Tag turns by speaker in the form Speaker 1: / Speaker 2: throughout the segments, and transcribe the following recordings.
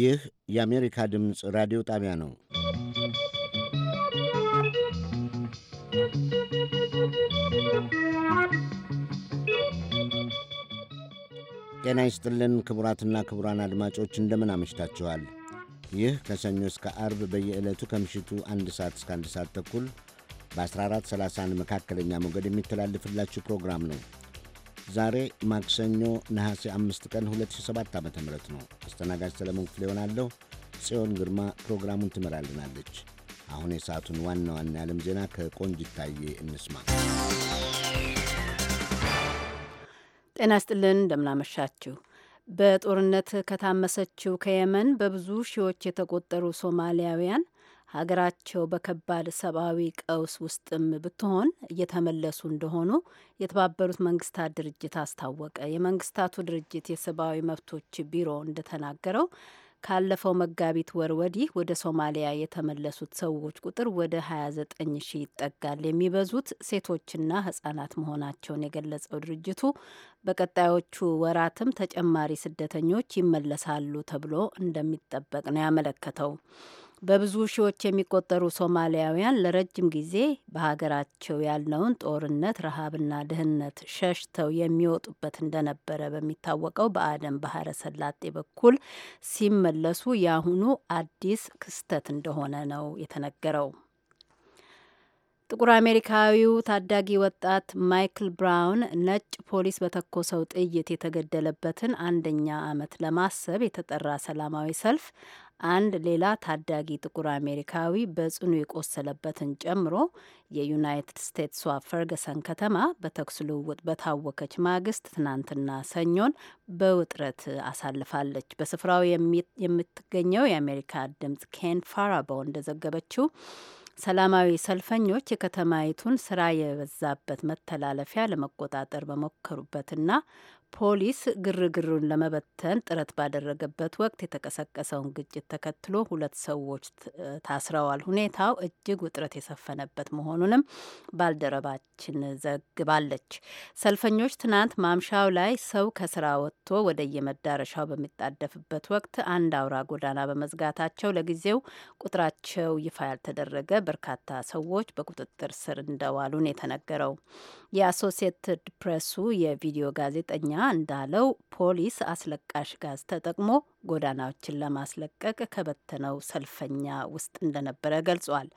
Speaker 1: ይህ የአሜሪካ ድምፅ ራዲዮ ጣቢያ ነው። ጤና ይስጥልን ክቡራትና ክቡራን አድማጮች እንደምን አመሽታችኋል። ይህ ከሰኞ እስከ አርብ በየዕለቱ ከምሽቱ አንድ ሰዓት እስከ አንድ ሰዓት ተኩል በ1431 መካከለኛ ሞገድ የሚተላልፍላችሁ ፕሮግራም ነው። ዛሬ ማክሰኞ ነሐሴ አምስት ቀን 2007 ዓ ም ነው። አስተናጋጅ ሰለሞን ክፍሌ ይሆናለሁ። ጽዮን ግርማ ፕሮግራሙን ትመራልናለች። አሁን የሰዓቱን ዋና ዋና የዓለም ዜና ከቆንጅ ታዬ እንስማ።
Speaker 2: ጤና ስጥልን፣ እንደምናመሻችሁ። በጦርነት ከታመሰችው ከየመን በብዙ ሺዎች የተቆጠሩ ሶማሊያውያን ሀገራቸው በከባድ ሰብአዊ ቀውስ ውስጥም ብትሆን እየተመለሱ እንደሆኑ የተባበሩት መንግስታት ድርጅት አስታወቀ። የመንግስታቱ ድርጅት የሰብአዊ መብቶች ቢሮ እንደተናገረው ካለፈው መጋቢት ወር ወዲህ ወደ ሶማሊያ የተመለሱት ሰዎች ቁጥር ወደ 29 ሺህ ይጠጋል። የሚበዙት ሴቶችና ህጻናት መሆናቸውን የገለጸው ድርጅቱ በቀጣዮቹ ወራትም ተጨማሪ ስደተኞች ይመለሳሉ ተብሎ እንደሚጠበቅ ነው ያመለከተው። በብዙ ሺዎች የሚቆጠሩ ሶማሊያውያን ለረጅም ጊዜ በሀገራቸው ያለውን ጦርነት፣ ረሃብና ድህነት ሸሽተው የሚወጡበት እንደነበረ በሚታወቀው በአደን ባህረ ሰላጤ በኩል ሲመለሱ የአሁኑ አዲስ ክስተት እንደሆነ ነው የተነገረው። ጥቁር አሜሪካዊው ታዳጊ ወጣት ማይክል ብራውን ነጭ ፖሊስ በተኮሰው ጥይት የተገደለበትን አንደኛ ዓመት ለማሰብ የተጠራ ሰላማዊ ሰልፍ አንድ ሌላ ታዳጊ ጥቁር አሜሪካዊ በጽኑ የቆሰለበትን ጨምሮ የዩናይትድ ስቴትስዋ ፈርገሰን ከተማ በተኩስ ልውውጥ በታወከች ማግስት ትናንትና ሰኞን በውጥረት አሳልፋለች። በስፍራው የምትገኘው የአሜሪካ ድምጽ ኬን ፋራቦ እንደዘገበችው ሰላማዊ ሰልፈኞች የከተማይቱን ስራ የበዛበት መተላለፊያ ለመቆጣጠር በሞከሩበትና ፖሊስ ግርግሩን ለመበተን ጥረት ባደረገበት ወቅት የተቀሰቀሰውን ግጭት ተከትሎ ሁለት ሰዎች ታስረዋል። ሁኔታው እጅግ ውጥረት የሰፈነበት መሆኑንም ባልደረባችን ዘግባለች። ሰልፈኞች ትናንት ማምሻው ላይ ሰው ከስራ ወጥቶ ወደ የመዳረሻው በሚጣደፍበት ወቅት አንድ አውራ ጎዳና በመዝጋታቸው ለጊዜው ቁጥራቸው ይፋ ያልተደረገ በርካታ ሰዎች በቁጥጥር ስር እንደዋሉን የተነገረው የአሶሲየትድ ፕሬሱ የቪዲዮ ጋዜጠኛ እንዳለው ፖሊስ አስለቃሽ ጋዝ ተጠቅሞ ጎዳናዎችን ለማስለቀቅ ከበተነው ሰልፈኛ ውስጥ እንደነበረ ገልጿል።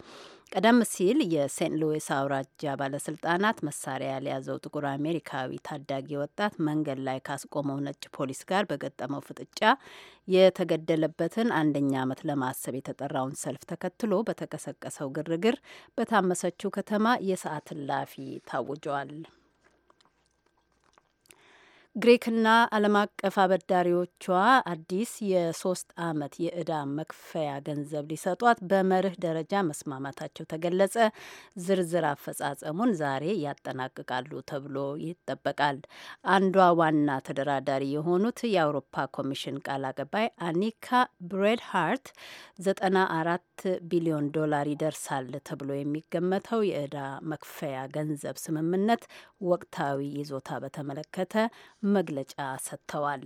Speaker 2: ቀደም ሲል የሴንት ሉዊስ አውራጃ ባለስልጣናት መሳሪያ ያልያዘው ጥቁር አሜሪካዊ ታዳጊ ወጣት መንገድ ላይ ካስቆመው ነጭ ፖሊስ ጋር በገጠመው ፍጥጫ የተገደለበትን አንደኛ ዓመት ለማሰብ የተጠራውን ሰልፍ ተከትሎ በተቀሰቀሰው ግርግር በታመሰችው ከተማ የሰዓት እላፊ ታውጇል። ግሪክና ዓለም አቀፍ አበዳሪዎቿ አዲስ የሶስት ዓመት የእዳ መክፈያ ገንዘብ ሊሰጧት በመርህ ደረጃ መስማማታቸው ተገለጸ። ዝርዝር አፈጻጸሙን ዛሬ ያጠናቅቃሉ ተብሎ ይጠበቃል። አንዷ ዋና ተደራዳሪ የሆኑት የአውሮፓ ኮሚሽን ቃል አቀባይ አኒካ ብሬድ ሃርት ዘጠና አራት ቢሊዮን ዶላር ይደርሳል ተብሎ የሚገመተው የእዳ መክፈያ ገንዘብ ስምምነት ወቅታዊ ይዞታ በተመለከተ መግለጫ ሰጥተዋል።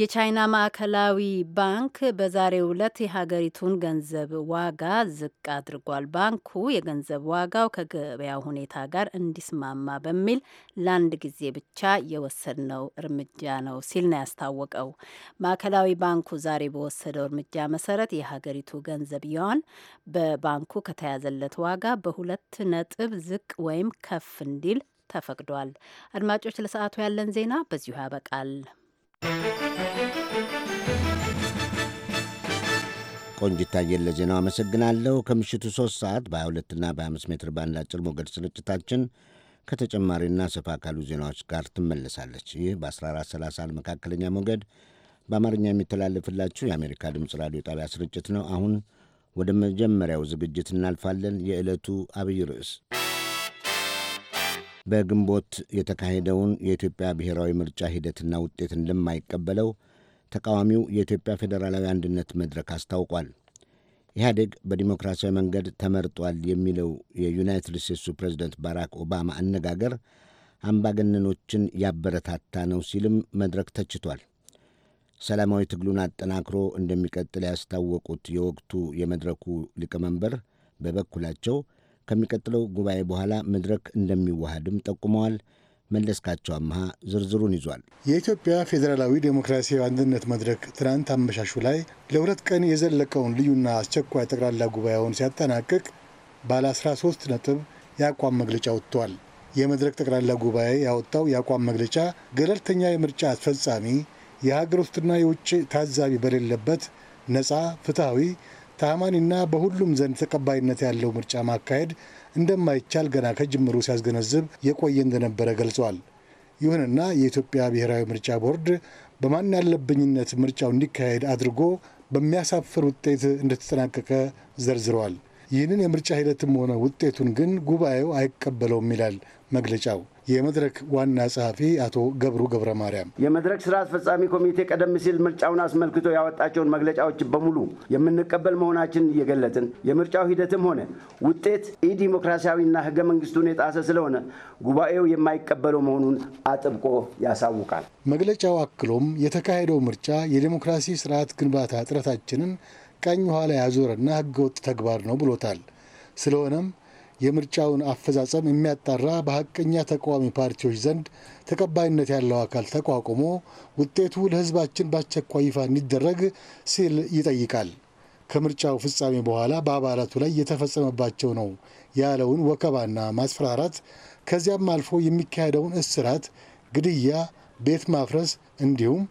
Speaker 2: የቻይና ማዕከላዊ ባንክ በዛሬው ዕለት የሀገሪቱን ገንዘብ ዋጋ ዝቅ አድርጓል። ባንኩ የገንዘብ ዋጋው ከገበያው ሁኔታ ጋር እንዲስማማ በሚል ለአንድ ጊዜ ብቻ የወሰድነው እርምጃ ነው ሲል ነው ያስታወቀው። ማዕከላዊ ባንኩ ዛሬ በወሰደው እርምጃ መሰረት የሀገሪቱ ገንዘብ ዩዋን በባንኩ ከተያዘለት ዋጋ በሁለት ነጥብ ዝቅ ወይም ከፍ እንዲል ተፈቅዷል። አድማጮች ለሰዓቱ ያለን ዜና በዚሁ ያበቃል።
Speaker 1: ቆንጅታየን ለዜናው አመሰግናለሁ። ከምሽቱ 3 ሰዓት በ22ና በ25 ሜትር ባንድ አጭር ሞገድ ስርጭታችን ከተጨማሪና ሰፋ ካሉ ዜናዎች ጋር ትመለሳለች። ይህ በ1430 መካከለኛ ሞገድ በአማርኛ የሚተላለፍላችሁ የአሜሪካ ድምፅ ራዲዮ ጣቢያ ስርጭት ነው። አሁን ወደ መጀመሪያው ዝግጅት እናልፋለን። የዕለቱ አብይ ርዕስ በግንቦት የተካሄደውን የኢትዮጵያ ብሔራዊ ምርጫ ሂደትና ውጤት እንደማይቀበለው ተቃዋሚው የኢትዮጵያ ፌዴራላዊ አንድነት መድረክ አስታውቋል። ኢህአዴግ በዲሞክራሲያዊ መንገድ ተመርጧል የሚለው የዩናይትድ ስቴትሱ ፕሬዝደንት ባራክ ኦባማ አነጋገር አምባገነኖችን ያበረታታ ነው ሲልም መድረክ ተችቷል። ሰላማዊ ትግሉን አጠናክሮ እንደሚቀጥል ያስታወቁት የወቅቱ የመድረኩ ሊቀመንበር በበኩላቸው ከሚቀጥለው ጉባኤ በኋላ መድረክ እንደሚዋሃድም ጠቁመዋል። መለስካቸው አመሃ ዝርዝሩን ይዟል።
Speaker 3: የኢትዮጵያ ፌዴራላዊ ዴሞክራሲያዊ አንድነት መድረክ ትናንት አመሻሹ ላይ ለሁለት ቀን የዘለቀውን ልዩና አስቸኳይ ጠቅላላ ጉባኤውን ሲያጠናቅቅ ባለ 13 ነጥብ የአቋም መግለጫ ወጥቷል። የመድረክ ጠቅላላ ጉባኤ ያወጣው የአቋም መግለጫ ገለልተኛ የምርጫ አስፈጻሚ፣ የሀገር ውስጥና የውጭ ታዛቢ በሌለበት ነፃ፣ ፍትሐዊ ተአማኒና በሁሉም ዘንድ ተቀባይነት ያለው ምርጫ ማካሄድ እንደማይቻል ገና ከጅምሩ ሲያስገነዝብ የቆየ እንደነበረ ገልጿል። ይሁንና የኢትዮጵያ ብሔራዊ ምርጫ ቦርድ በማን ያለብኝነት ምርጫው እንዲካሄድ አድርጎ በሚያሳፍር ውጤት እንደተጠናቀቀ ዘርዝረዋል። ይህንን የምርጫ ሂደትም ሆነ ውጤቱን ግን ጉባኤው አይቀበለውም ይላል መግለጫው። የመድረክ ዋና ጸሐፊ አቶ ገብሩ ገብረ ማርያም
Speaker 4: የመድረክ ስራ አስፈጻሚ ኮሚቴ ቀደም ሲል ምርጫውን አስመልክቶ ያወጣቸውን መግለጫዎች በሙሉ የምንቀበል መሆናችን እየገለጥን የምርጫው ሂደትም ሆነ ውጤት ኢዲሞክራሲያዊና ህገ መንግስቱን የጣሰ ስለሆነ ጉባኤው የማይቀበለው መሆኑን አጥብቆ ያሳውቃል።
Speaker 3: መግለጫው አክሎም የተካሄደው ምርጫ የዴሞክራሲ ስርዓት ግንባታ ጥረታችንን ቀኝ ኋላ ያዞረና ህገወጥ ተግባር ነው ብሎታል። ስለሆነም የምርጫውን አፈጻጸም የሚያጣራ በሀቀኛ ተቃዋሚ ፓርቲዎች ዘንድ ተቀባይነት ያለው አካል ተቋቁሞ ውጤቱ ለሕዝባችን በአስቸኳይ ይፋ እንዲደረግ ሲል ይጠይቃል። ከምርጫው ፍጻሜ በኋላ በአባላቱ ላይ የተፈጸመባቸው ነው ያለውን ወከባና ማስፈራራት ከዚያም አልፎ የሚካሄደውን እስራት፣ ግድያ፣ ቤት ማፍረስ እንዲሁም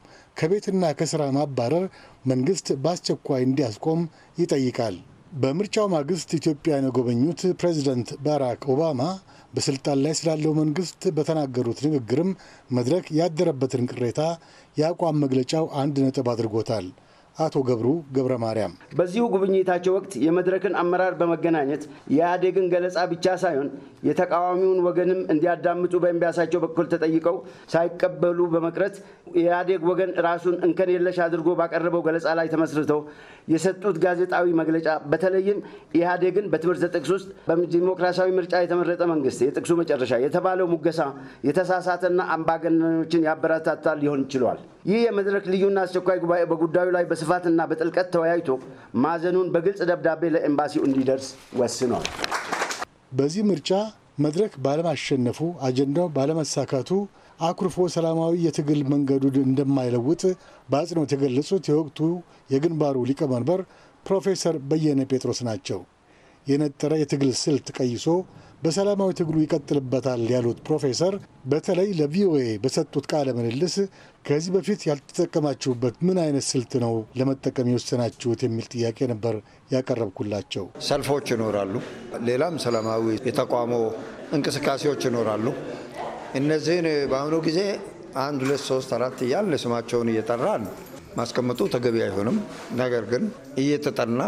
Speaker 3: ከቤትና ከስራ ማባረር መንግስት በአስቸኳይ እንዲያስቆም ይጠይቃል። በምርጫው ማግስት ኢትዮጵያን የጎበኙት ፕሬዚደንት ባራክ ኦባማ በስልጣን ላይ ስላለው መንግስት በተናገሩት ንግግርም መድረክ ያደረበትን ቅሬታ የአቋም መግለጫው አንድ ነጥብ አድርጎታል። አቶ ገብሩ ገብረ ማርያም
Speaker 4: በዚሁ ጉብኝታቸው ወቅት የመድረክን አመራር በመገናኘት የኢህአዴግን ገለጻ ብቻ ሳይሆን የተቃዋሚውን ወገንም እንዲያዳምጡ በእምቢያሳቸው በኩል ተጠይቀው ሳይቀበሉ በመቅረት የኢህአዴግ ወገን ራሱን እንከን የለሽ አድርጎ ባቀረበው ገለጻ ላይ ተመስርተው የሰጡት ጋዜጣዊ መግለጫ በተለይም ኢህአዴግን በትምህርት ጥቅስ ውስጥ በዲሞክራሲያዊ ምርጫ የተመረጠ መንግስት የጥቅሱ መጨረሻ የተባለው ሙገሳ የተሳሳተና አምባገነኖችን ያበረታታ ሊሆን ችሏል። ይህ የመድረክ ልዩና አስቸኳይ ጉባኤ በጉዳዩ ላይ በስፋትና በጥልቀት ተወያይቶ ማዘኑን በግልጽ ደብዳቤ ለኤምባሲው እንዲደርስ ወስኗል።
Speaker 3: በዚህ ምርጫ መድረክ ባለማሸነፉ አጀንዳው ባለመሳካቱ አኩርፎ ሰላማዊ የትግል መንገዱን እንደማይለውጥ በአጽንኦት የገለጹት የወቅቱ የግንባሩ ሊቀመንበር ፕሮፌሰር በየነ ጴጥሮስ ናቸው። የነጠረ የትግል ስልት ቀይሶ በሰላማዊ ትግሉ ይቀጥልበታል ያሉት ፕሮፌሰር በተለይ ለቪኦኤ በሰጡት ቃለ ምልልስ ከዚህ በፊት ያልተጠቀማችሁበት ምን አይነት ስልት ነው ለመጠቀም የወሰናችሁት የሚል ጥያቄ ነበር ያቀረብኩላቸው።
Speaker 5: ሰልፎች ይኖራሉ፣ ሌላም ሰላማዊ የተቋሞ እንቅስቃሴዎች ይኖራሉ። እነዚህን በአሁኑ ጊዜ አንድ ሁለት ሶስት አራት እያለ ስማቸውን እየጠራን ማስቀመጡ ተገቢ አይሆንም። ነገር ግን እየተጠና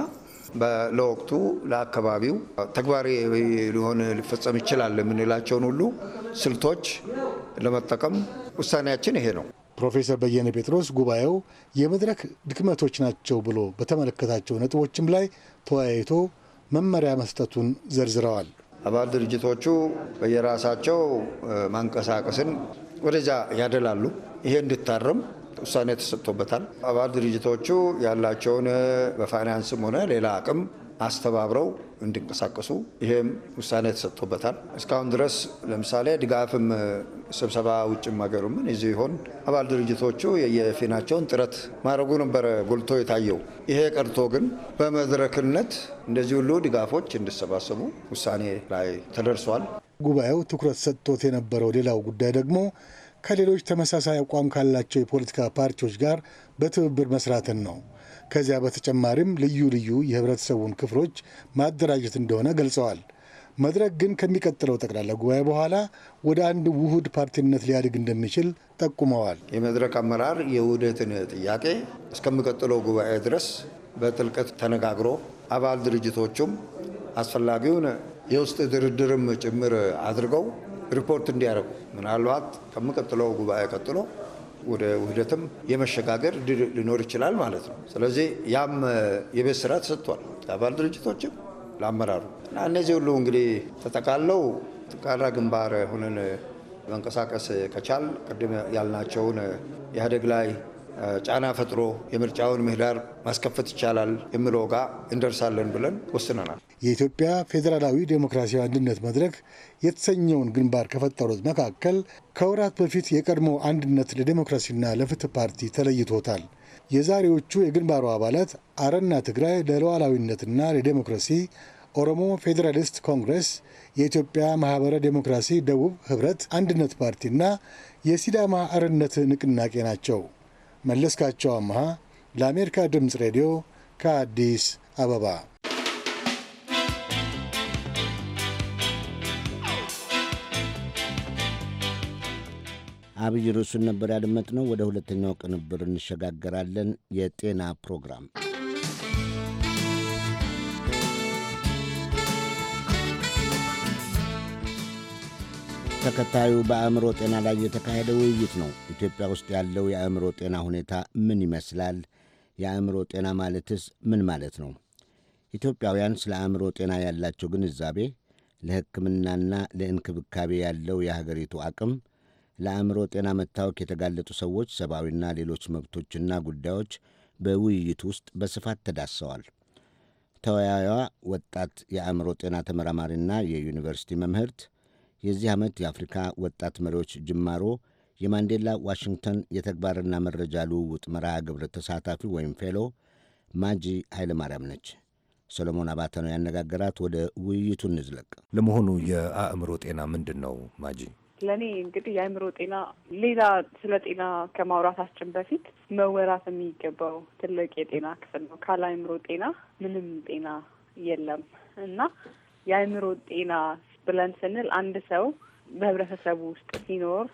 Speaker 5: ለወቅቱ ለአካባቢው ተግባሪ ሊሆን ሊፈጸም ይችላል የምንላቸውን ሁሉ ስልቶች ለመጠቀም ውሳኔያችን ይሄ ነው።
Speaker 3: ፕሮፌሰር በየነ ጴጥሮስ ጉባኤው የመድረክ ድክመቶች ናቸው ብሎ በተመለከታቸው ነጥቦችም ላይ ተወያይቶ መመሪያ መስጠቱን ዘርዝረዋል።
Speaker 5: አባል ድርጅቶቹ በየራሳቸው ማንቀሳቀስን ወደዛ ያደላሉ። ይሄ እንድታረም ውሳኔ ተሰጥቶበታል። አባል ድርጅቶቹ ያላቸውን በፋይናንስም ሆነ ሌላ አቅም አስተባብረው እንዲንቀሳቀሱ ይሄም ውሳኔ ተሰጥቶበታል። እስካሁን ድረስ ለምሳሌ ድጋፍም ስብሰባ ውጭም ሀገሩ ምን ይዚ ይሆን አባል ድርጅቶቹ የየፊናቸውን ጥረት ማድረጉ ነበረ ጎልቶ የታየው። ይሄ ቀርቶ ግን በመድረክነት እንደዚህ ሁሉ ድጋፎች እንዲሰባሰቡ ውሳኔ ላይ ተደርሷል።
Speaker 3: ጉባኤው ትኩረት ሰጥቶት የነበረው ሌላው ጉዳይ ደግሞ ከሌሎች ተመሳሳይ አቋም ካላቸው የፖለቲካ ፓርቲዎች ጋር በትብብር መስራትን ነው። ከዚያ በተጨማሪም ልዩ ልዩ የህብረተሰቡን ክፍሎች ማደራጀት እንደሆነ ገልጸዋል። መድረክ ግን ከሚቀጥለው ጠቅላላ ጉባኤ በኋላ ወደ አንድ ውሁድ ፓርቲነት ሊያድግ እንደሚችል
Speaker 5: ጠቁመዋል። የመድረክ አመራር የውህደትን ጥያቄ እስከሚቀጥለው ጉባኤ ድረስ በጥልቀት ተነጋግሮ አባል ድርጅቶቹም አስፈላጊውን የውስጥ ድርድርም ጭምር አድርገው ሪፖርት እንዲያደርጉ ምናልባት ከሚቀጥለው ጉባኤ ቀጥሎ ወደ ውህደትም የመሸጋገር ሊኖር ይችላል ማለት ነው። ስለዚህ ያም የቤት ስራ ተሰጥቷል ለአባል ድርጅቶችም ለአመራሩ እና እነዚህ ሁሉ እንግዲህ ተጠቃለው ጠንካራ ግንባር ሆነን መንቀሳቀስ ከቻል ቅድም ያልናቸውን ኢህአዴግ ላይ ጫና ፈጥሮ የምርጫውን ምህዳር ማስከፈት ይቻላል የሚለው ጋር እንደርሳለን ብለን ወስነናል።
Speaker 3: የኢትዮጵያ ፌዴራላዊ ዴሞክራሲያዊ አንድነት መድረክ የተሰኘውን ግንባር ከፈጠሩት መካከል ከወራት በፊት የቀድሞ አንድነት ለዴሞክራሲና ለፍትህ ፓርቲ ተለይቶታል። የዛሬዎቹ የግንባሩ አባላት አረና ትግራይ ለሉዓላዊነትና ለዴሞክራሲ፣ ኦሮሞ ፌዴራሊስት ኮንግረስ፣ የኢትዮጵያ ማህበረ ዴሞክራሲ ደቡብ ህብረት፣ አንድነት ፓርቲና የሲዳማ አርነት ንቅናቄ ናቸው። መለስካቸው አመሃ ለአሜሪካ ድምፅ ሬዲዮ ከአዲስ አበባ።
Speaker 1: አብይ ርዕሱን ነበር ያደመጥነው። ወደ ሁለተኛው ቅንብር እንሸጋገራለን። የጤና ፕሮግራም ተከታዩ በአእምሮ ጤና ላይ የተካሄደ ውይይት ነው። ኢትዮጵያ ውስጥ ያለው የአእምሮ ጤና ሁኔታ ምን ይመስላል? የአእምሮ ጤና ማለትስ ምን ማለት ነው? ኢትዮጵያውያን ስለ አእምሮ ጤና ያላቸው ግንዛቤ፣ ለሕክምናና ለእንክብካቤ ያለው የሀገሪቱ አቅም፣ ለአእምሮ ጤና መታወክ የተጋለጡ ሰዎች ሰብአዊና ሌሎች መብቶችና ጉዳዮች በውይይቱ ውስጥ በስፋት ተዳሰዋል። ተወያዩዋ ወጣት የአእምሮ ጤና ተመራማሪና የዩኒቨርሲቲ መምህርት የዚህ ዓመት የአፍሪካ ወጣት መሪዎች ጅማሮ የማንዴላ ዋሽንግተን የተግባርና መረጃ ልውውጥ መርሃ ግብር ተሳታፊ ወይም ፌሎ ማጂ ኃይለማርያም ነች። ሰሎሞን አባተ ነው ያነጋገራት። ወደ ውይይቱ እንዝለቅ። ለመሆኑ የአእምሮ ጤና ምንድን ነው ማጂ?
Speaker 6: ለእኔ እንግዲህ የአእምሮ ጤና ሌላ ስለ ጤና ከማውራታችን በፊት መወራት የሚገባው ትልቅ የጤና ክፍል ነው። ካለ አእምሮ ጤና ምንም ጤና የለም እና የአእምሮ ጤና ብለን ስንል አንድ ሰው በህብረተሰቡ ውስጥ ሲኖር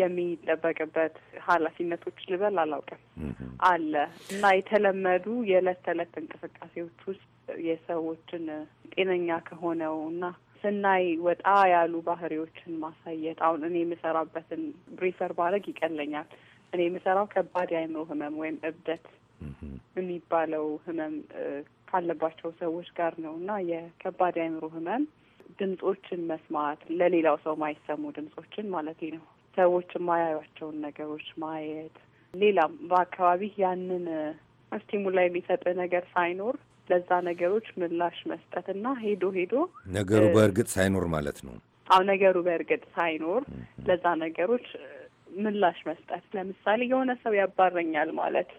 Speaker 6: የሚጠበቅበት ኃላፊነቶች ልበል አላውቅም አለ እና የተለመዱ የዕለት ተዕለት እንቅስቃሴዎች ውስጥ የሰዎችን ጤነኛ ከሆነው እና ስናይ ወጣ ያሉ ባህሪዎችን ማሳየት አሁን እኔ የምሰራበትን ብሪፈር ባረግ ይቀለኛል። እኔ የምሰራው ከባድ የአእምሮ ህመም ወይም እብደት የሚባለው ህመም ካለባቸው ሰዎች ጋር ነው እና የከባድ የአእምሮ ህመም ድምጾችን መስማት ለሌላው ሰው ማይሰሙ ድምጾችን ማለት ነው። ሰዎች የማያዩቸውን ነገሮች ማየት፣ ሌላም በአካባቢ ያንን ስቲሙላ የሚሰጥ ነገር ሳይኖር ለዛ ነገሮች ምላሽ መስጠት እና ሄዶ ሄዶ ነገሩ በእርግጥ
Speaker 7: ሳይኖር ማለት ነው።
Speaker 6: አዎ ነገሩ በእርግጥ ሳይኖር ለዛ ነገሮች ምላሽ መስጠት። ለምሳሌ የሆነ ሰው ያባረኛል ማለት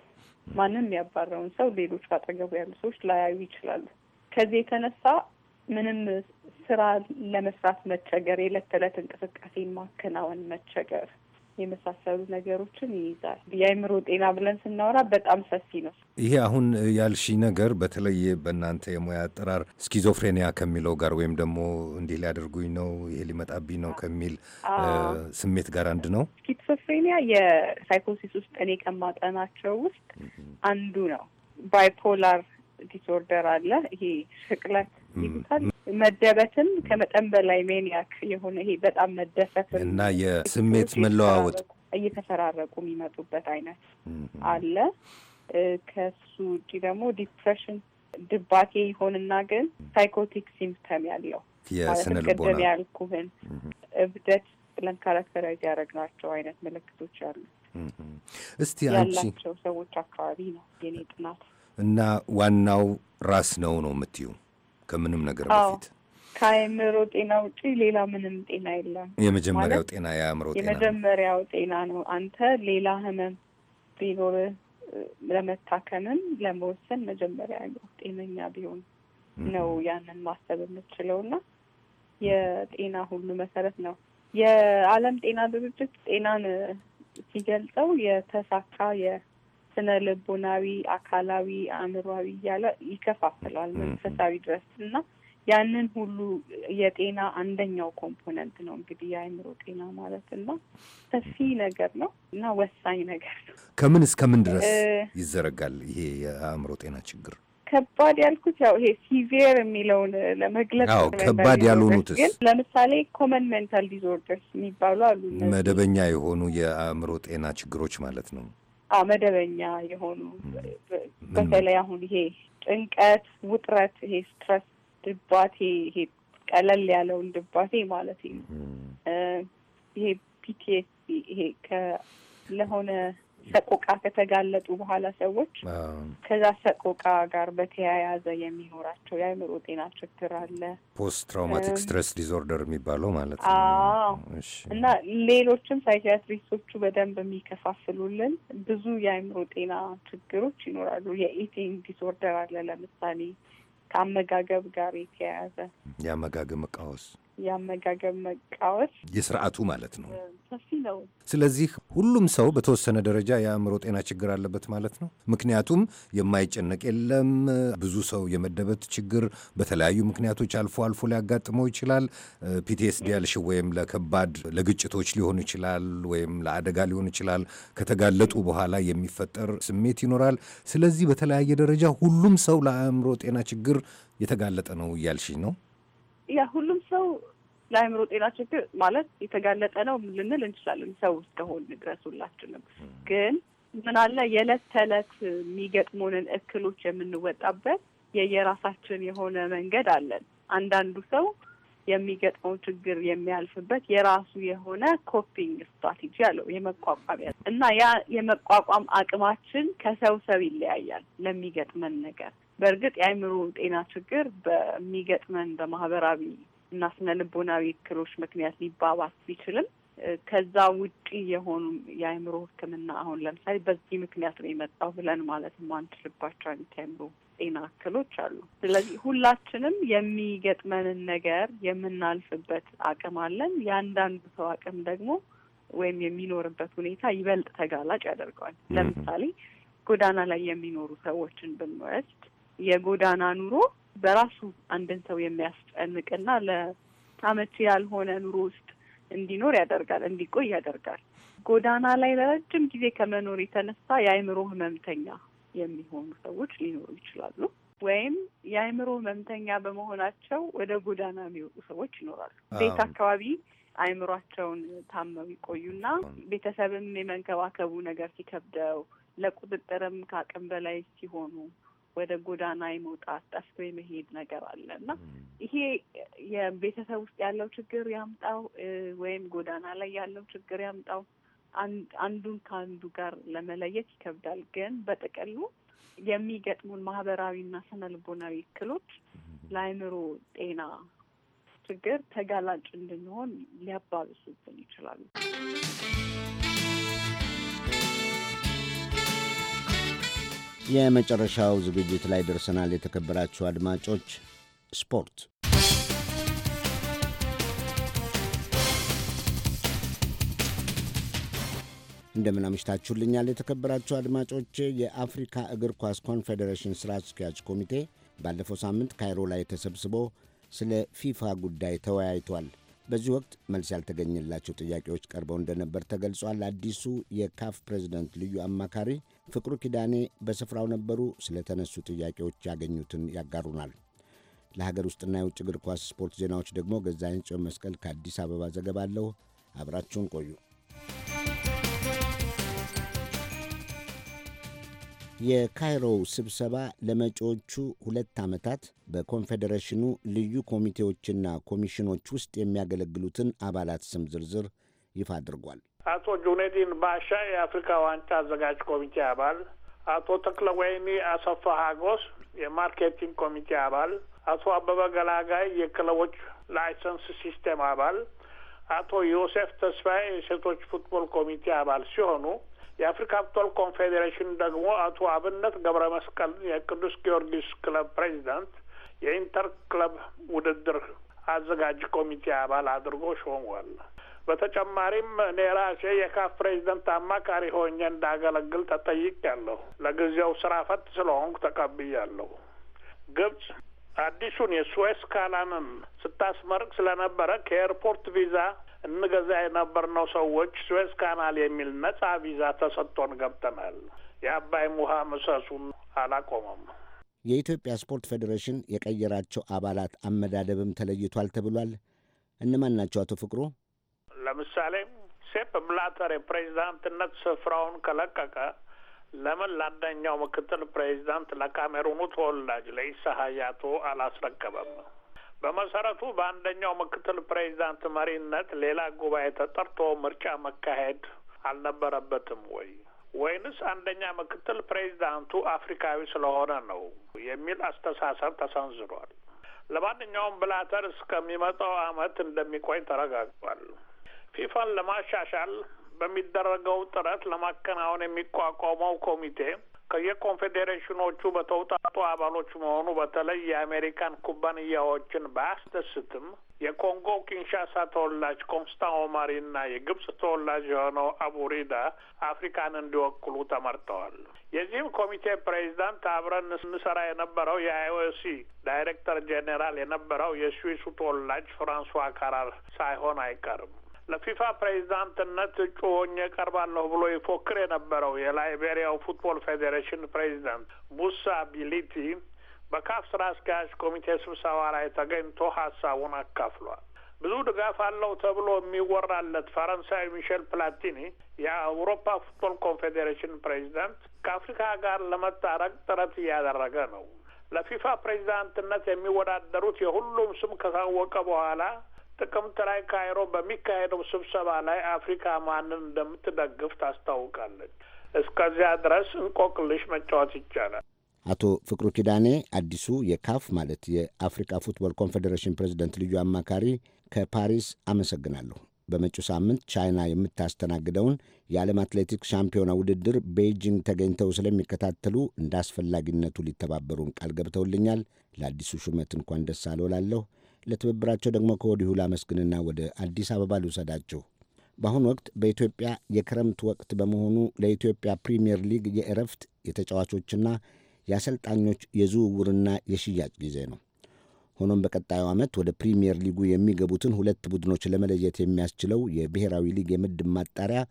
Speaker 6: ማንም ያባረውን ሰው ሌሎች አጠገቡ ያሉ ሰዎች ላያዩ ይችላሉ። ከዚህ የተነሳ ምንም ስራ ለመስራት መቸገር፣ የዕለት ተዕለት እንቅስቃሴ ማከናወን መቸገር የመሳሰሉ ነገሮችን ይይዛል። የአእምሮ ጤና ብለን ስናወራ በጣም ሰፊ ነው።
Speaker 7: ይሄ አሁን ያልሺ ነገር በተለይ በእናንተ የሙያ አጠራር ስኪዞፍሬኒያ ከሚለው ጋር ወይም ደግሞ እንዲህ ሊያደርጉኝ ነው ይሄ ሊመጣብኝ ነው ከሚል ስሜት ጋር አንድ ነው።
Speaker 6: ስኪዞፍሬኒያ የሳይኮሲስ ውስጥ እኔ ከማጠናቸው ውስጥ አንዱ ነው። ባይፖላር ዲስኦርደር አለ። ይሄ ሽቅለት ይሉታል። መደበትም ከመጠን በላይ ሜኒያክ የሆነ ይሄ በጣም መደሰት እና
Speaker 7: የስሜት መለዋወጥ
Speaker 6: እየተፈራረቁ የሚመጡበት አይነት አለ። ከሱ ውጭ ደግሞ ዲፕሬሽን ድባቴ ይሆንና ግን ሳይኮቲክ ሲምፕተም ያለው ቅድም ያልኩህን እብደት ብለን ካራክተራይዝ ያደረግናቸው አይነት ምልክቶች አሉ።
Speaker 7: እስቲ ያላቸው
Speaker 6: ሰዎች አካባቢ ነው የኔ ጥናት
Speaker 7: እና ዋናው ራስ ነው ነው የምትዩ ከምንም ነገር በፊት
Speaker 6: ከአእምሮ ጤና ውጪ ሌላ ምንም ጤና የለም። የመጀመሪያው ጤና የአእምሮ ጤና የመጀመሪያው ጤና ነው። አንተ ሌላ ህመም ቢኖር ለመታከምም ለመወሰን መጀመሪያ ጤነኛ ቢሆን ነው ያንን ማሰብ የምችለውና የጤና ሁሉ መሰረት ነው። የዓለም ጤና ድርጅት ጤናን ሲገልጸው የተሳካ ስነ ልቦናዊ፣ አካላዊ፣ አእምሯዊ እያለ ይከፋፍለዋል መንፈሳዊ ድረስ እና ያንን ሁሉ የጤና አንደኛው ኮምፖነንት ነው እንግዲህ የአእምሮ ጤና ማለት እና ሰፊ ነገር ነው እና ወሳኝ ነገር ነው።
Speaker 7: ከምን እስከምን ድረስ ይዘረጋል ይሄ የአእምሮ ጤና ችግር?
Speaker 6: ከባድ ያልኩት ያው ይሄ ሲቪየር የሚለውን ለመግለጽ ከባድ ያልሆኑትስ ግን ለምሳሌ ኮመን ሜንታል ዲስኦርደርስ የሚባሉ አሉ።
Speaker 7: መደበኛ የሆኑ የአእምሮ ጤና ችግሮች ማለት ነው።
Speaker 6: መደበኛ የሆኑ በተለይ አሁን ይሄ ጭንቀት፣ ውጥረት፣ ይሄ ስትረስ፣ ድባቴ ይሄ ቀለል ያለውን ድባቴ ማለት ነው። ይሄ ፒቲኤስዲ ይሄ ለሆነ ሰቆቃ ከተጋለጡ በኋላ ሰዎች ከዛ ሰቆቃ ጋር በተያያዘ የሚኖራቸው የአእምሮ ጤና ችግር አለ።
Speaker 7: ፖስት ትራውማቲክ ስትረስ ዲስኦርደር የሚባለው ማለት
Speaker 6: ነው። እና ሌሎችም ሳይኪያትሪስቶቹ በደንብ የሚከፋፍሉልን ብዙ የአእምሮ ጤና ችግሮች ይኖራሉ። የኢቲንግ ዲዞርደር አለ ለምሳሌ ከአመጋገብ ጋር የተያያዘ
Speaker 7: የአመጋገብ መቃወስ
Speaker 6: የአመጋገብ መቃወስ
Speaker 7: የስርዓቱ ማለት ነው ሰፊ ነው። ስለዚህ ሁሉም ሰው በተወሰነ ደረጃ የአእምሮ ጤና ችግር አለበት ማለት ነው። ምክንያቱም የማይጨነቅ የለም። ብዙ ሰው የመደበት ችግር በተለያዩ ምክንያቶች አልፎ አልፎ ሊያጋጥመው ይችላል። ፒቲኤስዲ ያልሽ ወይም ለከባድ ለግጭቶች ሊሆን ይችላል ወይም ለአደጋ ሊሆን ይችላል። ከተጋለጡ በኋላ የሚፈጠር ስሜት ይኖራል። ስለዚህ በተለያየ ደረጃ ሁሉም ሰው ለአእምሮ ጤና ችግር የተጋለጠ ነው እያልሽኝ ነው።
Speaker 6: ያ ሁሉም ሰው ለአእምሮ ጤና ችግር ማለት የተጋለጠ ነው ልንል እንችላለን፣ ሰው እስከሆን ድረስ ሁላችንም። ግን ምን አለ የዕለት ተዕለት የሚገጥሙንን እክሎች የምንወጣበት የየራሳችን የሆነ መንገድ አለን። አንዳንዱ ሰው የሚገጥመው ችግር የሚያልፍበት የራሱ የሆነ ኮፒንግ ስትራቴጂ አለው የመቋቋሚያ እና ያ የመቋቋም አቅማችን ከሰው ሰው ይለያያል ለሚገጥመን ነገር በእርግጥ የአእምሮ ጤና ችግር በሚገጥመን በማህበራዊ እና ስነ ልቦናዊ እክሎች ምክንያት ሊባባስ ቢችልም ከዛ ውጪ የሆኑ የአእምሮ ሕክምና አሁን ለምሳሌ በዚህ ምክንያት ነው የመጣው ብለን ማለት ማንችልባቸው አይነት የአእምሮ ጤና እክሎች አሉ። ስለዚህ ሁላችንም የሚገጥመንን ነገር የምናልፍበት አቅም አለን። የአንዳንዱ ሰው አቅም ደግሞ ወይም የሚኖርበት ሁኔታ ይበልጥ ተጋላጭ ያደርገዋል። ለምሳሌ ጎዳና ላይ የሚኖሩ ሰዎችን ብንወስድ የጎዳና ኑሮ በራሱ አንድን ሰው የሚያስጨንቅና ለአመቺ ያልሆነ ኑሮ ውስጥ እንዲኖር ያደርጋል፣ እንዲቆይ ያደርጋል። ጎዳና ላይ ለረጅም ጊዜ ከመኖር የተነሳ የአእምሮ ህመምተኛ የሚሆኑ ሰዎች ሊኖሩ ይችላሉ። ወይም የአእምሮ ህመምተኛ በመሆናቸው ወደ ጎዳና የሚወጡ ሰዎች ይኖራሉ። ቤት አካባቢ አእምሯቸውን ታመው ይቆዩና ቤተሰብም የመንከባከቡ ነገር ሲከብደው፣ ለቁጥጥርም ከአቅም በላይ ሲሆኑ ወደ ጎዳና የመውጣት ጠፍቶ የመሄድ ነገር አለ እና ይሄ የቤተሰብ ውስጥ ያለው ችግር ያምጣው ወይም ጎዳና ላይ ያለው ችግር ያምጣው አንዱን ከአንዱ ጋር ለመለየት ይከብዳል። ግን በጥቅሉ የሚገጥሙን ማህበራዊና ስነልቦናዊ እክሎች ለአእምሮ ጤና ችግር ተጋላጭ እንድንሆን ሊያባብሱብን ይችላሉ።
Speaker 1: የመጨረሻው ዝግጅት ላይ ደርሰናል። የተከበራችሁ አድማጮች፣ ስፖርት እንደምን አምሽታችሁልኛል። የተከበራችሁ አድማጮች፣ የአፍሪካ እግር ኳስ ኮንፌዴሬሽን ሥራ አስኪያጅ ኮሚቴ ባለፈው ሳምንት ካይሮ ላይ ተሰብስቦ ስለ ፊፋ ጉዳይ ተወያይቷል። በዚህ ወቅት መልስ ያልተገኘላቸው ጥያቄዎች ቀርበው እንደነበር ተገልጿል። አዲሱ የካፍ ፕሬዚደንት ልዩ አማካሪ ፍቅሩ ኪዳኔ በስፍራው ነበሩ። ስለተነሱ ጥያቄዎች ያገኙትን ያጋሩናል። ለሀገር ውስጥና የውጭ እግር ኳስ ስፖርት ዜናዎች ደግሞ ገዛኸኝ ጽዮን መስቀል ከአዲስ አበባ ዘገባ አለው። አብራችሁን ቆዩ። የካይሮው ስብሰባ ለመጪዎቹ ሁለት ዓመታት በኮንፌዴሬሽኑ ልዩ ኮሚቴዎችና ኮሚሽኖች ውስጥ የሚያገለግሉትን አባላት ስም ዝርዝር ይፋ አድርጓል።
Speaker 8: አቶ ጁኔዲን ባሻ የአፍሪካ ዋንጫ አዘጋጅ ኮሚቴ አባል፣ አቶ ተክለወይኒ አሰፋ ሀጎስ የማርኬቲንግ ኮሚቴ አባል፣ አቶ አበበ ገላጋይ የክለቦች ላይሰንስ ሲስተም አባል፣ አቶ ዮሴፍ ተስፋዬ የሴቶች ፉትቦል ኮሚቴ አባል ሲሆኑ የአፍሪካ ፉትቦል ኮንፌዴሬሽን ደግሞ አቶ አብነት ገብረ መስቀል የቅዱስ ጊዮርጊስ ክለብ ፕሬዚዳንት የኢንተር ክለብ ውድድር አዘጋጅ ኮሚቴ አባል አድርጎ ሾሟል። በተጨማሪም እኔ ራሴ የካፍ ፕሬዚደንት አማካሪ ሆኜ እንዳገለግል ተጠይቄያለሁ። ለጊዜው ስራ ፈት ስለሆንኩ ተቀብያለሁ። ግብጽ አዲሱን የሱዌስ ካናልን ስታስመርቅ ስለነበረ ከኤርፖርት ቪዛ እንገዛ የነበርነው ሰዎች ስዌስ ካናል የሚል ነጻ ቪዛ ተሰጥቶን ገብተናል። የአባይ ውሃ ምሰሱን አላቆመም።
Speaker 1: የኢትዮጵያ ስፖርት ፌዴሬሽን የቀየራቸው አባላት አመዳደብም ተለይቷል ተብሏል። እነማን ናቸው አቶ ፍቅሩ?
Speaker 8: ለምሳሌ ሴፕ ብላተር የፕሬዚዳንትነት ስፍራውን ከለቀቀ ለምን ለአንደኛው ምክትል ፕሬዚዳንት ለካሜሩኑ ተወላጅ ለኢሳ ሀያቶ አላስረከበም? በመሰረቱ በአንደኛው ምክትል ፕሬዚዳንት መሪነት ሌላ ጉባኤ ተጠርቶ ምርጫ መካሄድ አልነበረበትም ወይ? ወይንስ አንደኛ ምክትል ፕሬዚዳንቱ አፍሪካዊ ስለሆነ ነው የሚል አስተሳሰብ ተሰንዝሯል። ለማንኛውም ብላተር እስከሚመጣው ዓመት እንደሚቆይ ተረጋግጧል። ፊፋን ለማሻሻል በሚደረገው ጥረት ለማከናወን የሚቋቋመው ኮሚቴ ከየኮንፌዴሬሽኖቹ በተውጣጡ አባሎች መሆኑ በተለይ የአሜሪካን ኩባንያዎችን ባያስደስትም የኮንጎ ኪንሻሳ ተወላጅ ኮንስታን ኦማሪ እና የግብጽ ተወላጅ የሆነው አቡሪዳ አፍሪካን እንዲወክሉ ተመርጠዋል። የዚህም ኮሚቴ ፕሬዚዳንት አብረን ስንሰራ የነበረው የአይኦሲ ዳይሬክተር ጄኔራል የነበረው የስዊሱ ተወላጅ ፍራንሷ ካራር ሳይሆን አይቀርም። ለፊፋ ፕሬዚዳንትነት እጩ ሆኜ ቀርባለሁ ብሎ ይፎክር የነበረው የላይቤሪያው ፉትቦል ፌዴሬሽን ፕሬዚዳንት ሙሳ ቢሊቲ በካፍ ስራ አስኪያጅ ኮሚቴ ስብሰባ ላይ ተገኝቶ ሀሳቡን አካፍሏል። ብዙ ድጋፍ አለው ተብሎ የሚወራለት ፈረንሳዊ ሚሼል ፕላቲኒ የአውሮፓ ፉትቦል ኮንፌዴሬሽን ፕሬዚዳንት ከአፍሪካ ጋር ለመጣረቅ ጥረት እያደረገ ነው። ለፊፋ ፕሬዚዳንትነት የሚወዳደሩት የሁሉም ስም ከታወቀ በኋላ ጥቅምት ላይ ካይሮ በሚካሄደው ስብሰባ ላይ አፍሪካ ማንን እንደምትደግፍ ታስታውቃለች። እስከዚያ ድረስ እንቆቅልሽ መጫወት ይቻላል።
Speaker 1: አቶ ፍቅሩ ኪዳኔ አዲሱ የካፍ ማለት የአፍሪካ ፉትቦል ኮንፌዴሬሽን ፕሬዚደንት ልዩ አማካሪ ከፓሪስ አመሰግናለሁ። በመጪው ሳምንት ቻይና የምታስተናግደውን የዓለም አትሌቲክስ ሻምፒዮና ውድድር ቤይጂንግ ተገኝተው ስለሚከታተሉ እንደ አስፈላጊነቱ ሊተባበሩን ቃል ገብተውልኛል። ለአዲሱ ሹመት እንኳን ደስ አለዎላለሁ። ለትብብራቸው ደግሞ ከወዲሁ ላመስግንና ወደ አዲስ አበባ ልውሰዳችሁ። በአሁኑ ወቅት በኢትዮጵያ የክረምት ወቅት በመሆኑ ለኢትዮጵያ ፕሪምየር ሊግ የእረፍት የተጫዋቾችና የአሰልጣኞች የዝውውርና የሽያጭ ጊዜ ነው። ሆኖም በቀጣዩ ዓመት ወደ ፕሪምየር ሊጉ የሚገቡትን ሁለት ቡድኖች ለመለየት የሚያስችለው የብሔራዊ ሊግ የምድብ ማጣሪያ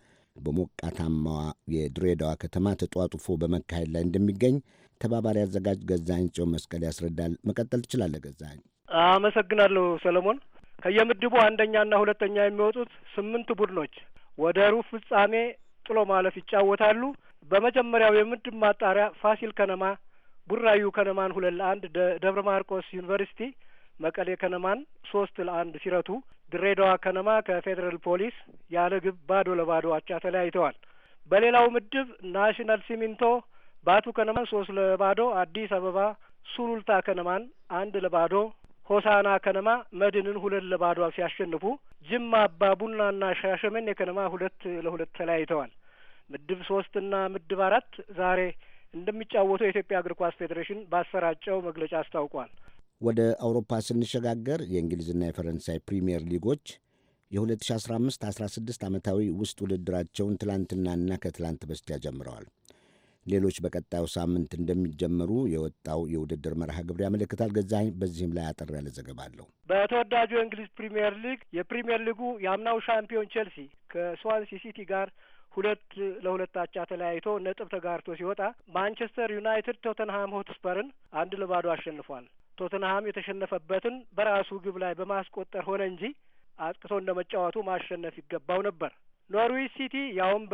Speaker 1: በሞቃታማዋ የድሬዳዋ ከተማ ተጧጡፎ በመካሄድ ላይ እንደሚገኝ ተባባሪ አዘጋጅ ገዛኝ ጨው መስቀል ያስረዳል። መቀጠል ትችላለህ ገዛኝ።
Speaker 9: አመሰግናለሁ ሰለሞን። ከየምድቡ አንደኛና ሁለተኛ የሚወጡት ስምንት ቡድኖች ወደ ሩብ ፍጻሜ ጥሎ ማለፍ ይጫወታሉ። በመጀመሪያው የምድብ ማጣሪያ ፋሲል ከነማ ቡራዩ ከነማን ሁለት ለአንድ፣ ደብረ ማርቆስ ዩኒቨርሲቲ መቀሌ ከነማን ሶስት ለአንድ ሲረቱ፣ ድሬዳዋ ከነማ ከፌዴራል ፖሊስ ያለ ግብ ባዶ ለባዶ አቻ ተለያይተዋል። በሌላው ምድብ ናሽናል ሲሚንቶ ባቱ ከነማን ሶስት ለባዶ፣ አዲስ አበባ ሱሉልታ ከነማን አንድ ለባዶ ሆሳና ከነማ መድንን ሁለት ለባዷ ሲያሸንፉ ጅማ አባ ቡናና ሻሸመኔ ከነማ ሁለት ለሁለት ተለያይተዋል። ምድብ ሶስትና ምድብ አራት ዛሬ እንደሚጫወቱ የኢትዮጵያ እግር ኳስ ፌዴሬሽን ባሰራጨው መግለጫ አስታውቋል።
Speaker 1: ወደ አውሮፓ ስንሸጋገር የእንግሊዝና የፈረንሳይ ፕሪምየር ሊጎች የ2015-16 ዓመታዊ ውስጥ ውድድራቸውን ትላንትናና ከትላንት በስቲያ ጀምረዋል። ሌሎች በቀጣዩ ሳምንት እንደሚጀመሩ የወጣው የውድድር መርሃ ግብር ያመለክታል። ገዛኸኝ በዚህም ላይ አጠር ያለ ዘገባ አለው።
Speaker 9: በተወዳጁ የእንግሊዝ ፕሪምየር ሊግ የፕሪምየር ሊጉ የአምናው ሻምፒዮን ቼልሲ ከስዋንሲ ሲቲ ጋር ሁለት ለሁለት አቻ ተለያይቶ ነጥብ ተጋርቶ ሲወጣ ማንቸስተር ዩናይትድ ቶተንሃም ሆትስፐርን አንድ ለባዶ አሸንፏል። ቶተንሃም የተሸነፈበትን በራሱ ግብ ላይ በማስቆጠር ሆነ እንጂ አጥቅቶ እንደ መጫወቱ ማሸነፍ ይገባው ነበር። ኖርዊች ሲቲ ያውም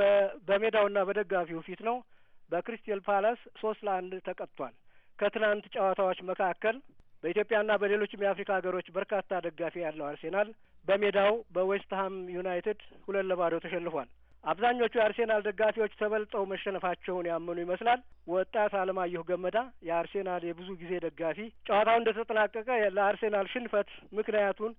Speaker 9: በሜዳውና በደጋፊው ፊት ነው በክሪስቲል ፓላስ ሶስት ለአንድ ተቀጥቷል። ከትናንት ጨዋታዎች መካከል በኢትዮጵያና በሌሎችም የአፍሪካ ሀገሮች በርካታ ደጋፊ ያለው አርሴናል በሜዳው በዌስትሃም ዩናይትድ ሁለት ለባዶ ተሸንፏል። አብዛኞቹ የአርሴናል ደጋፊዎች ተበልጠው መሸነፋቸውን ያመኑ ይመስላል። ወጣት አለማየሁ ገመዳ የአርሴናል የብዙ ጊዜ ደጋፊ ጨዋታው እንደ ተጠናቀቀ ለአርሴናል ሽንፈት ምክንያቱን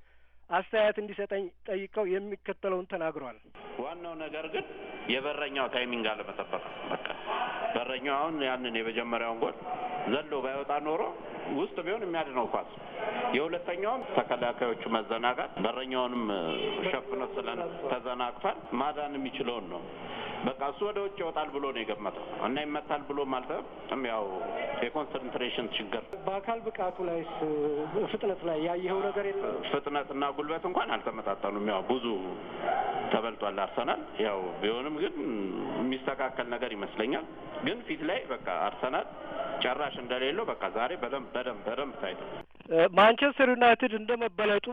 Speaker 9: አስተያየት እንዲሰጠኝ ጠይቀው የሚከተለውን ተናግሯል።
Speaker 8: ዋናው ነገር ግን የበረኛው ታይሚንግ አለመጠበቅ በቃ በረኛው አሁን ያንን የመጀመሪያውን ጎል ዘሎ ባይወጣ ኖሮ ውስጥ ቢሆን የሚያድነው ኳስ የሁለተኛውም ተከላካዮቹ መዘናጋት በረኛውንም ሸፍኖ ስለን ማዳን የሚችለውን ነው በቃ እሱ ወደ ውጭ ይወጣል ብሎ ነው የገመተው እና ይመታል ብሎ ማለትም ያው የኮንሰንትሬሽን ችግር።
Speaker 9: በአካል ብቃቱ ላይ ፍጥነት ላይ ያየኸው ነገር
Speaker 8: ፍጥነትና ጉልበት እንኳን አልተመጣጠኑም። ያው ብዙ ተበልጧል አርሰናል። ያው ቢሆንም ግን የሚስተካከል ነገር ይመስለኛል። ግን ፊት ላይ በቃ አርሰናል ጨራሽ እንደሌለው በቃ ዛሬ በደንብ በደንብ በደንብ ታይቶ
Speaker 9: ማንቸስተር ዩናይትድ እንደ መበለጡ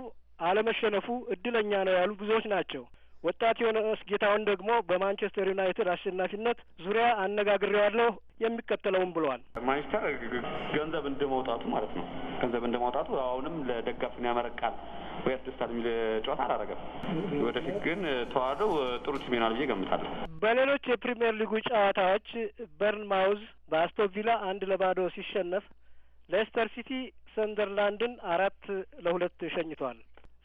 Speaker 9: አለመሸነፉ እድለኛ ነው ያሉ ብዙዎች ናቸው። ወጣት የሆነስ ጌታውን ደግሞ በማንቸስተር ዩናይትድ አሸናፊነት ዙሪያ አነጋግሬዋለሁ። የሚከተለውም ብለዋል። ማንቸስተር ገንዘብ እንደ መውጣቱ ማለት ነው። ገንዘብ እንደ መውጣቱ አሁንም ለደጋፊውን ያመረቃል
Speaker 8: ወይ ያስደስታል የሚል ጨዋታ አላረገም። ወደፊት ግን ተዋህዶ ጥሩ ቲም ይሆናል ብዬ ገምታለሁ።
Speaker 9: በሌሎች የፕሪምየር ሊጉ ጨዋታዎች በርንማውዝ በአስቶን ቪላ አንድ ለባዶ ሲሸነፍ ሌስተር ሲቲ ሰንደርላንድን አራት ለሁለት ሸኝቷል።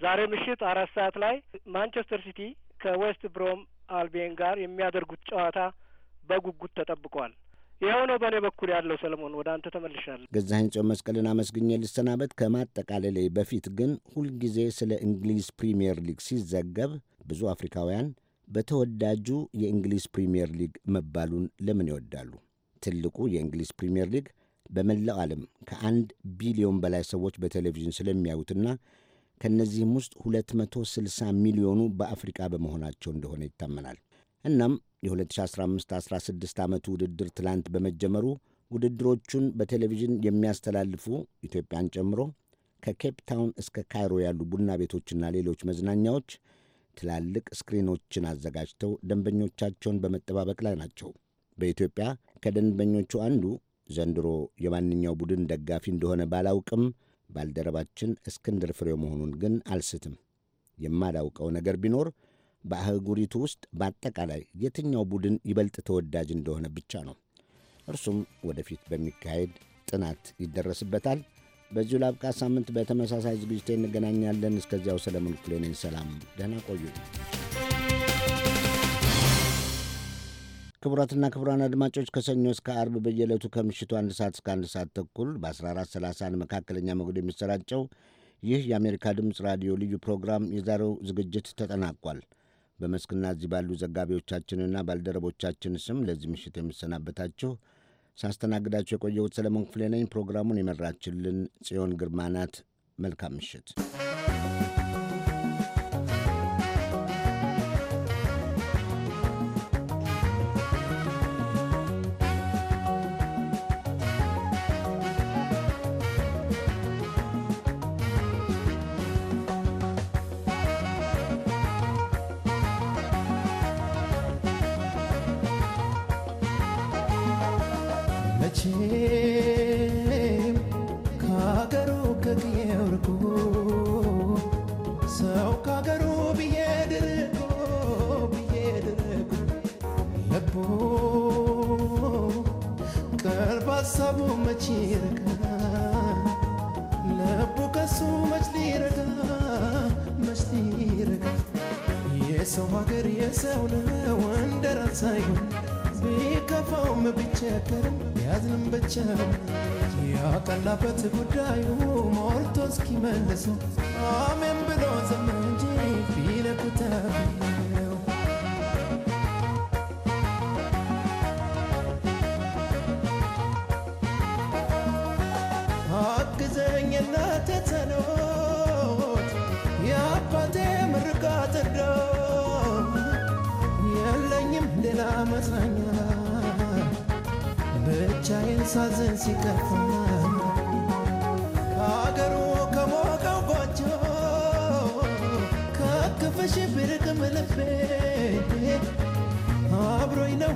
Speaker 9: ዛሬ ምሽት አራት ሰዓት ላይ ማንቸስተር ሲቲ ከዌስት ብሮም አልቤን ጋር የሚያደርጉት ጨዋታ በጉጉት ተጠብቋል። ይኸው ነው በእኔ በኩል ያለው። ሰለሞን ወደ
Speaker 1: አንተ ተመልሻለሁ። ገዛኸኝ ጽዮን መስቀልን አመስግኜ ልሰናበት። ከማጠቃለሌ በፊት ግን ሁልጊዜ ስለ እንግሊዝ ፕሪምየር ሊግ ሲዘገብ ብዙ አፍሪካውያን በተወዳጁ የእንግሊዝ ፕሪምየር ሊግ መባሉን ለምን ይወዳሉ? ትልቁ የእንግሊዝ ፕሪምየር ሊግ በመላው ዓለም ከአንድ ቢሊዮን በላይ ሰዎች በቴሌቪዥን ስለሚያዩትና ከእነዚህም ውስጥ 260 ሚሊዮኑ በአፍሪቃ በመሆናቸው እንደሆነ ይታመናል። እናም የ2015/16 ዓመቱ ውድድር ትላንት በመጀመሩ ውድድሮቹን በቴሌቪዥን የሚያስተላልፉ ኢትዮጵያን ጨምሮ ከኬፕ ታውን እስከ ካይሮ ያሉ ቡና ቤቶችና ሌሎች መዝናኛዎች ትላልቅ ስክሪኖችን አዘጋጅተው ደንበኞቻቸውን በመጠባበቅ ላይ ናቸው። በኢትዮጵያ ከደንበኞቹ አንዱ ዘንድሮ የማንኛው ቡድን ደጋፊ እንደሆነ ባላውቅም ባልደረባችን እስክንድር ፍሬው መሆኑን ግን አልስትም። የማላውቀው ነገር ቢኖር በአህጉሪቱ ውስጥ በአጠቃላይ የትኛው ቡድን ይበልጥ ተወዳጅ እንደሆነ ብቻ ነው። እርሱም ወደፊት በሚካሄድ ጥናት ይደረስበታል። በዚሁ ላብቃ። ሳምንት በተመሳሳይ ዝግጅት እንገናኛለን። እስከዚያው ሰለሞን ክፍሌ ነኝ። ሰላም፣ ደህና ቆዩ። ክቡራትና ክቡራን አድማጮች ከሰኞ እስከ አርብ በየዕለቱ ከምሽቱ አንድ ሰዓት እስከ አንድ ሰዓት ተኩል በ1430 መካከለኛ ሞገድ የሚሰራጨው ይህ የአሜሪካ ድምፅ ራዲዮ ልዩ ፕሮግራም የዛሬው ዝግጅት ተጠናቋል። በመስክና እዚህ ባሉ ዘጋቢዎቻችንና ባልደረቦቻችን ስም ለዚህ ምሽት የምሰናበታችሁ ሳስተናግዳችሁ የቆየሁት ሰለሞን ክፍሌ ነኝ። ፕሮግራሙን የመራችልን ጽዮን ግርማ ናት። መልካም ምሽት።
Speaker 10: ብቻ ያቀላበት ጉዳዩ ሞልቶ እስኪመልሱ አሜን ብሎ ዘመን እንጂ ቢለኩታ አግዘኝ እናቴ ጸሎት የአባቴ ምርቃት እንደው የለኝም ሌላ መጽናኛ ብቻዬን ሳዘን ሲከፋ ከአገሩ ከሞቀው ጎጆ ከክፍሽ ብርቅም ልቤ አብሮኝ ነው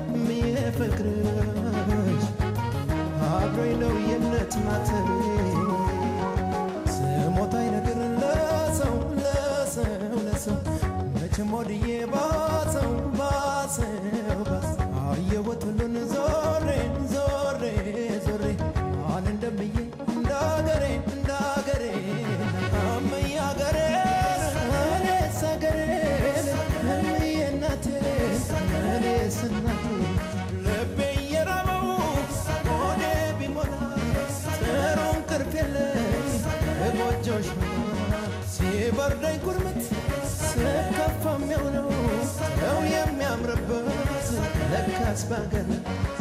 Speaker 10: የፍቅርሽ አብሮኝ ነው የእምነት ለሰው ለሰው ለሰው መቼም ወድዬ ባ lekker spangen.